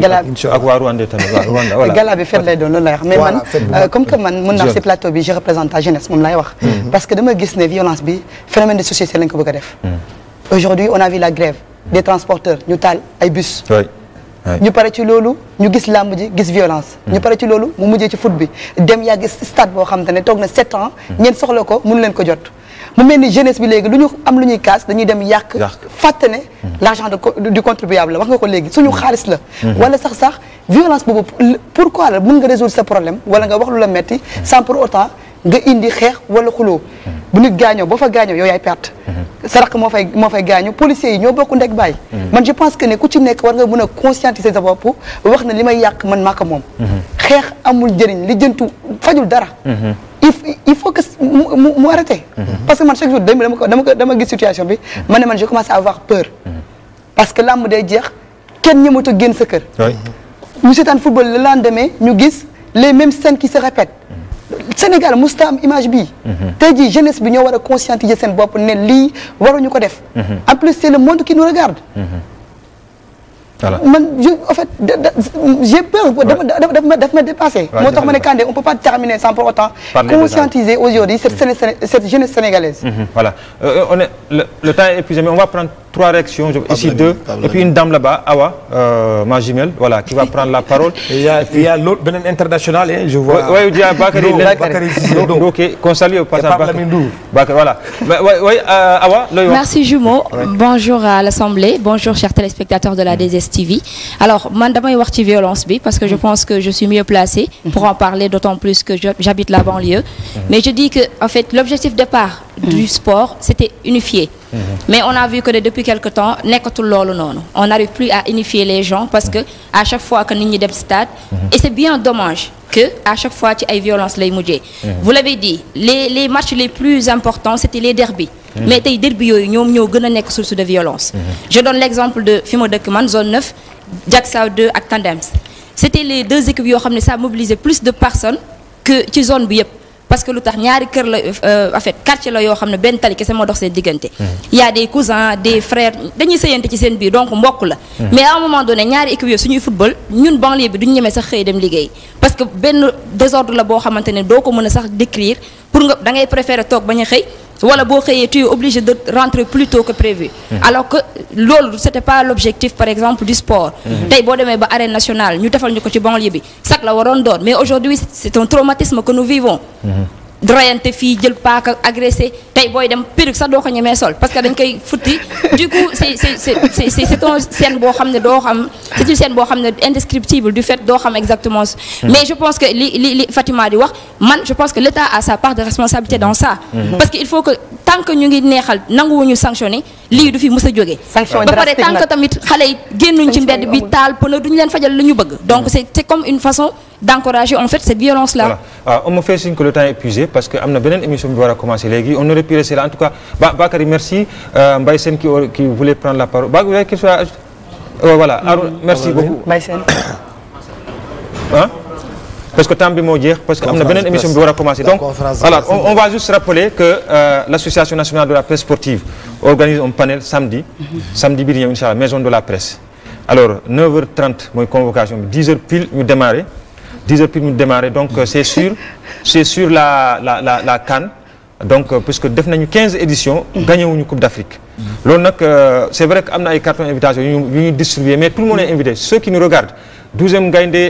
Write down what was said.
gala bi lay doon lay mais man euh, comme que man mën naa si plateau bi je représente la jeunesse moom laay wax mhm. parce que dama gis ne violence bi phénomène de société lañ ko bëgg a def mhm. aujourd'hui on a vu la grève des transporteurs ñu taal ay ñu pare ci loolu ñu gis làmb ji gis violence mhm. ñu pare ci loolu mu mujjee ci foot bi dem yaa gis stade boo xam te toog na sept ans ñeen soxla ko mënu leen ko jot mu mel ni jeunesse bi léegi lu ñu am lu ñuy kaas dañuy dem yàq fàtte ne hmm. l' argent de du contribuable la wax nga ko léegi suñu hmm. xaalis la hmm. wala sax sax violence boobu pourquoi la mën nga résoudre sa problème wala nga wax lu la metti sans pour autant nga indi xeex wala xuloo bu nu gaañoo boo fa gaañoo yow yaay perte sa rakk moo fay moo fay gaañu policiers yi ñoo bokk ndek baay man je pense que ne ku ci nekk war nga mën a conscientiser sa bopp wax na li may yàq man maa ko moom xeex amul njëriñ li jëntu dara il faut que mu mu arrêté. Mhm. parce que man chaque jour dama ko dama ko dama gis situation bi. Mhm. ma man je commence à avoir peur. Mhm. parce que làmb day jeex kenn ñëmut a génn sa kër. ñu seetaan football la lendemain ñu gis les mêmes scènes qui se répètent. Sénégal musta image bi te jii jeunesse bi ñoo war a conscientiser seen bopp ne lii waruñu ko def. en plus c'est le monde qui nous regarde. man je en fait j'ai peur dama daf ma dépassé moo tax ma ne Kandé on peut pas terminer sans pour autant conscientiser aujourd'hui cette mm. jeunesse sénégalaise mm-hmm. voilà euh, euh, on est le temps est épuisé mais on va prendre trois réactions ici deux et puis une dame là-bas Awa euh, ma jumelle voilà qui va prendre la parole. il y a il y a l'autre beneen international hein, je vois. oui oui il y a Bakary Bakary qu'on salue au passage Bakary voilà oui euh, Awa. merci jumeau bonjour à l'assemblée bonjour chers téléspectateurs de la 2STV mm. alors man damay wax ci violence bi parce que je mm. pense que je suis mieux placée pour en parler d'autant plus que j'habite la banlieue mm. mais je dis que en fait l'objectif de départ du sport c'était unifié. mais on a vu que depuis quelque temps nekkatul loolu noonu on n'arrive plus à unifier les gens parce que à chaque fois que nit ñi dem stade mhm. et c'est bien dommage que à chaque fois ci ay violence lay mujjee mhm. vous l'avez dit les les matchs les plus importants c'était les derbys mhm. mais tey derby yooyu ñoom ñoo gën a nekk source de violence je donne l'exemple de fi ma dëkk man zone 9 Diacksao 2 ak Tandems c'était les deux équipes yoo xam ne ça mobilisait de personnes ci zone bi yëpp parce que lu tax ñaari kër la euh, en fait quartier la yoo xam ne benn tali kese moo dox seen diggante. Mmh. y a des cousins des dañuy sëyante ci seen biir donc mbokk la. Mmh. mais à un moment donné ñaari équipe yooyu suñuy football ñun banlieue bi duñu ñemee sax xëy dem liggéey parce que benn désordre la boo xamante ne doo ko mën a sax décrire pour nga da ngay préférer toog bañ a xëy. wala boo xëyee tu es obligé de rentrer plus tôt que prévu mhm. alors que loolu c'était pas l'objectif par exemple du sport mhm. tey boo demee ba arène nationale ñu defal ñu ko ci banlieue bi sax la waroon doon mais aujourd'hui c'est un traumatisme que nous vivons mhm. royante fii jël paaka agressé tey booy dem perruque sax doo ko ñemee sol parce que dañ koy futti du coup c'est c'est c'est c'est boo xam ne doo xam c'est une scène boo xam ne indescriptible du fait doo xam exactement hmm. mais je pense que li li li Fatima di wax man je pense que l'État a sa part de responsabilité dans ça hmm. parce que il faut que tant ñu ngi neexal nanguwuñu sanctionné lii du fi mës a jógee ba pare tant tamit xale yi génnuñ ci mbedd bi taal pëna duñu leen fajal lu ñu bëgg donc hmm. c'est c'est parce que am na beneen émission bi war a commencer léegi on aurait pu rester là en tout cas ba Bakary merci euh, Mbaye qui voulait prendre la parole Bakary vous quelque euh, voilà Arona merci beaucoup Mbaye Sène ah parce que moo jeex parce que am na beneen émission a commencer donc voilà on, on va juste rappeler euh, l'association nationale de la presse sportive organise un panel samedi samedi bi di ñëw inchallah maison de la presse alors 9h30 mooy convocation bi 10h pile ñu démarrer 10 donc euh, c'est sûr c'est sur la la la la CAN donc euh, puisque def nañu quinze éditions. gagné wuñu Coupe d'Afrique. loolu nag euh, c'est vrai que am na ay cartons invitation yu ñu yu ñu distribué mais tout le monde est invité ceux qui nous regardent douzième Gaïndé